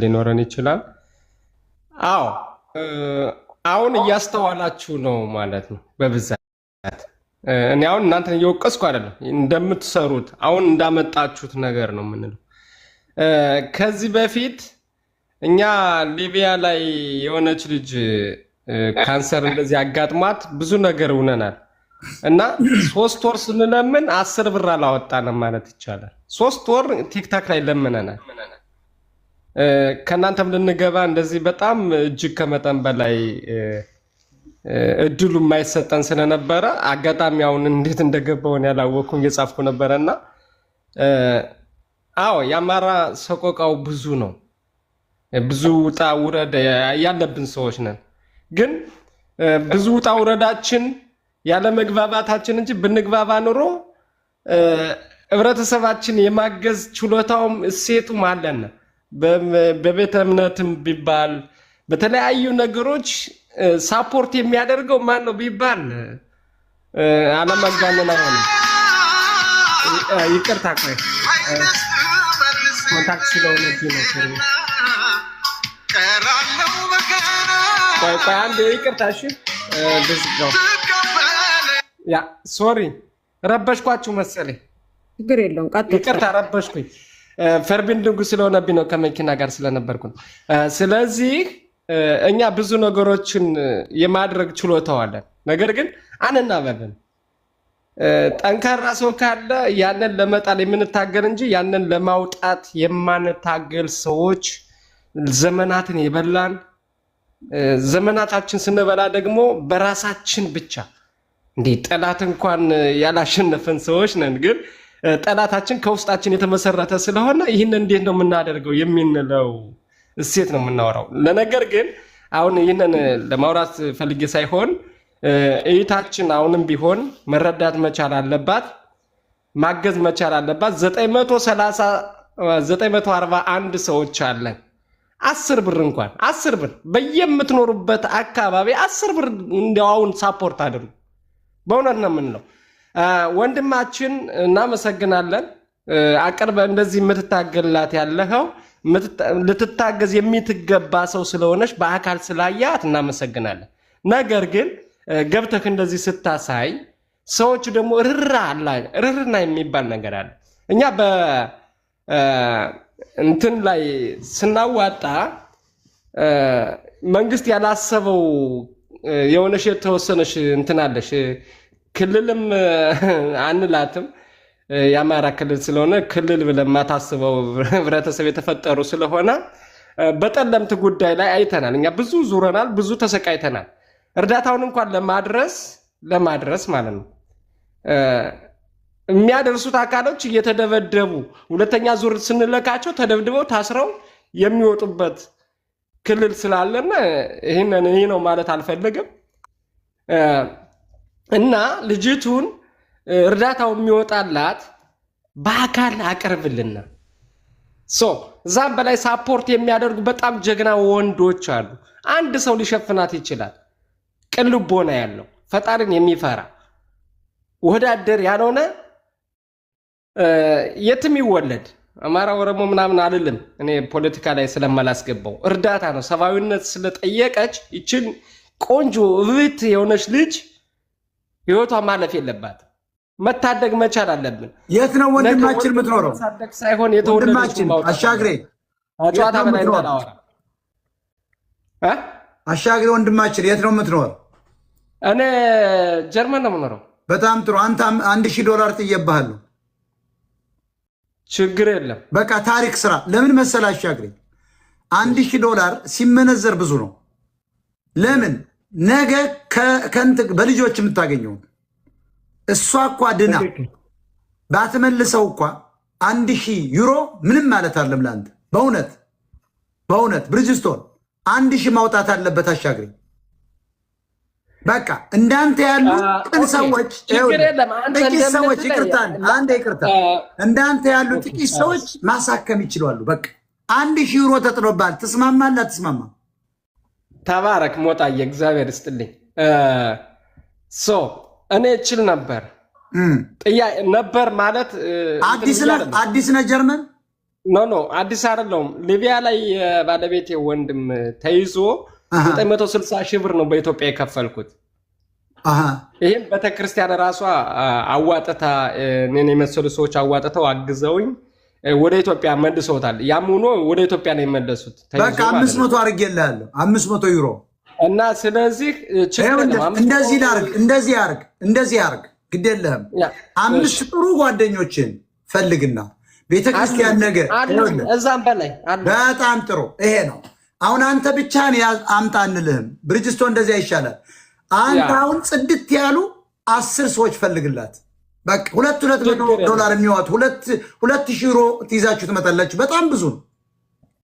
ሊኖረን ይችላል። አዎ አሁን እያስተዋላችሁ ነው ማለት ነው በብዛት እኔ አሁን እናንተን እየወቀስኩ አይደለም፣ እንደምትሰሩት አሁን እንዳመጣችሁት ነገር ነው የምንለው። ከዚህ በፊት እኛ ሊቢያ ላይ የሆነች ልጅ ካንሰር እንደዚህ አጋጥሟት ብዙ ነገር እውነናል እና ሶስት ወር ስንለምን አስር ብር አላወጣንም ማለት ይቻላል። ሶስት ወር ቲክታክ ላይ ለምነናል። ከእናንተም ልንገባ እንደዚህ በጣም እጅግ ከመጠን በላይ እድሉ የማይሰጠን ስለነበረ አጋጣሚ አሁን እንዴት እንደገባውን ያላወቅኩኝ እየጻፍኩ ነበረና፣ አዎ የአማራ ሰቆቃው ብዙ ነው። ብዙ ውጣ ውረድ ያለብን ሰዎች ነን። ግን ብዙ ውጣ ውረዳችን ያለ መግባባታችን እንጂ ብንግባባ ኑሮ ህብረተሰባችን የማገዝ ችሎታውም እሴቱም አለን። በቤተ እምነትም ቢባል በተለያዩ ነገሮች ሳፖርት የሚያደርገው ማን ነው ቢባል አለመጋነን አይሆንም። ይቅርታ ቆይ ኮንታክት ስለሆነ ነው። አንድ ይቅርታ። እሺ ብዝጋው ያ ሶሪ ረበሽኳችሁ መሰለኝ። ችግር የለውም። ይቅርታ ረበሽኩኝ። ፈርቢንድንጉ ስለሆነብኝ ነው፣ ከመኪና ጋር ስለነበርኩ ነው። ስለዚህ እኛ ብዙ ነገሮችን የማድረግ ችሎታዋለን፣ ነገር ግን አንናበብም። ጠንካራ ሰው ካለ ያንን ለመጣል የምንታገል እንጂ ያንን ለማውጣት የማንታገል ሰዎች ዘመናትን የበላን ዘመናታችን ስንበላ ደግሞ በራሳችን ብቻ እንዲህ ጠላት እንኳን ያላሸነፈን ሰዎች ነን ግን ጠላታችን ከውስጣችን የተመሰረተ ስለሆነ ይህን እንዴት ነው የምናደርገው የሚንለው እሴት ነው የምናወራው። ለነገር ግን አሁን ይህንን ለማውራት ፈልጌ ሳይሆን እይታችን አሁንም ቢሆን መረዳት መቻል አለባት፣ ማገዝ መቻል አለባት። 941 ሰዎች አለን። አስር ብር እንኳን አስር ብር በየምትኖሩበት አካባቢ አስር ብር እንዲያው አሁን ሳፖርት አድርጉ። በእውነት ነው የምንለው። ወንድማችን እናመሰግናለን። አቅርበ እንደዚህ የምትታገላት ያለኸው ልትታገዝ የሚትገባ ሰው ስለሆነች በአካል ስላያት እናመሰግናለን። ነገር ግን ገብተህ እንደዚህ ስታሳይ ሰዎቹ ደግሞ ርራ አላ ርርና የሚባል ነገር አለ። እኛ በእንትን ላይ ስናዋጣ መንግስት ያላሰበው የሆነሽ የተወሰነሽ እንትን አለሽ ክልልም አንላትም። የአማራ ክልል ስለሆነ ክልል ብለን የማታስበው ህብረተሰብ የተፈጠሩ ስለሆነ በጠለምት ጉዳይ ላይ አይተናል። እኛ ብዙ ዙረናል፣ ብዙ ተሰቃይተናል። እርዳታውን እንኳን ለማድረስ ለማድረስ ማለት ነው የሚያደርሱት አካሎች እየተደበደቡ ሁለተኛ ዙር ስንለካቸው ተደብድበው ታስረው የሚወጡበት ክልል ስላለን ይህንን ይህ ነው ማለት አልፈለግም። እና ልጅቱን እርዳታው የሚወጣላት በአካል አቅርብልና ሶ እዛም በላይ ሳፖርት የሚያደርጉ በጣም ጀግና ወንዶች አሉ። አንድ ሰው ሊሸፍናት ይችላል። ቅን ልቦና ያለው ፈጣሪን የሚፈራ ወዳደር ያልሆነ የትም ይወለድ አማራ፣ ኦሮሞ ምናምን አልልም። እኔ ፖለቲካ ላይ ስለማላስገባው እርዳታ ነው። ሰብአዊነት ስለጠየቀች ይችን ቆንጆ እብት የሆነች ልጅ ህይወቷ ማለፍ የለባት መታደግ መቻል አለብን። የት ነው ወንድማችን የምትኖረው? ሳይሆን የተወለደችን አሻግሬ ጨዋታ በላይ አሻግሬ ወንድማችን የት ነው የምትኖር? እኔ ጀርመን ነው የምኖረው። በጣም ጥሩ። አንተ አንድ ሺህ ዶላር ጥዬብሃለሁ። ችግር የለም በቃ ታሪክ ስራ። ለምን መሰል አሻግሬ አንድ ሺህ ዶላር ሲመነዘር ብዙ ነው። ለምን ነገ በልጆች የምታገኘው እሷ እኳ ድና ባትመልሰው እኳ አንድ ሺህ ዩሮ ምንም ማለት አለም ለአንተ። በእውነት በእውነት ብርጅስቶን አንድ ሺህ ማውጣት አለበት አሻግሪ በቃ እንዳንተ ያሉ ጥቂት ሰዎች ጥቂት ሰዎች ይቅርታ፣ አንድ ይቅርታ፣ እንዳንተ ያሉ ጥቂት ሰዎች ማሳከም ይችላሉ። በቃ አንድ ሺህ ዩሮ ተጥሎብሃል። ትስማማለህ? አትስማማም? ተባረክ ሞጣዬ፣ እግዚአብሔር ይስጥልኝ። ሶ እኔ እችል ነበር ነበር ማለት አዲስ ነ ጀርመን? ኖ ኖ አዲስ አይደለሁም። ሊቢያ ላይ ባለቤቴ ወንድም ተይዞ 960 ሺህ ብር ነው በኢትዮጵያ የከፈልኩት። ይህም ቤተክርስቲያን ራሷ አዋጥታ እኔን የመሰሉ ሰዎች አዋጥተው አግዘውኝ ወደ ኢትዮጵያ መልሰውታል። ያም ሆኖ ወደ ኢትዮጵያ ነው የመለሱት። በቃ አምስት መቶ አድርጌልሃለሁ፣ አምስት መቶ ዩሮ እና ስለዚህ እንደዚህ ላርግ፣ እንደዚህ አርግ፣ እንደዚህ አርግ፣ ግድ የለህም። አምስት ጥሩ ጓደኞችን ፈልግና ቤተክርስቲያን ነገ እዛም በላይ በጣም ጥሩ። ይሄ ነው አሁን አንተ ብቻህን አምጣ አንልህም። ብርጅስቶ እንደዚያ ይሻላል። አንተ አሁን ጽድት ያሉ አስር ሰዎች ፈልግላት በቃ ሁለት ሁለት ዶላር የሚዋት ሁለት ሁለት ሺህ ዩሮ ትይዛችሁ ትመጣላችሁ። በጣም ብዙ ነው።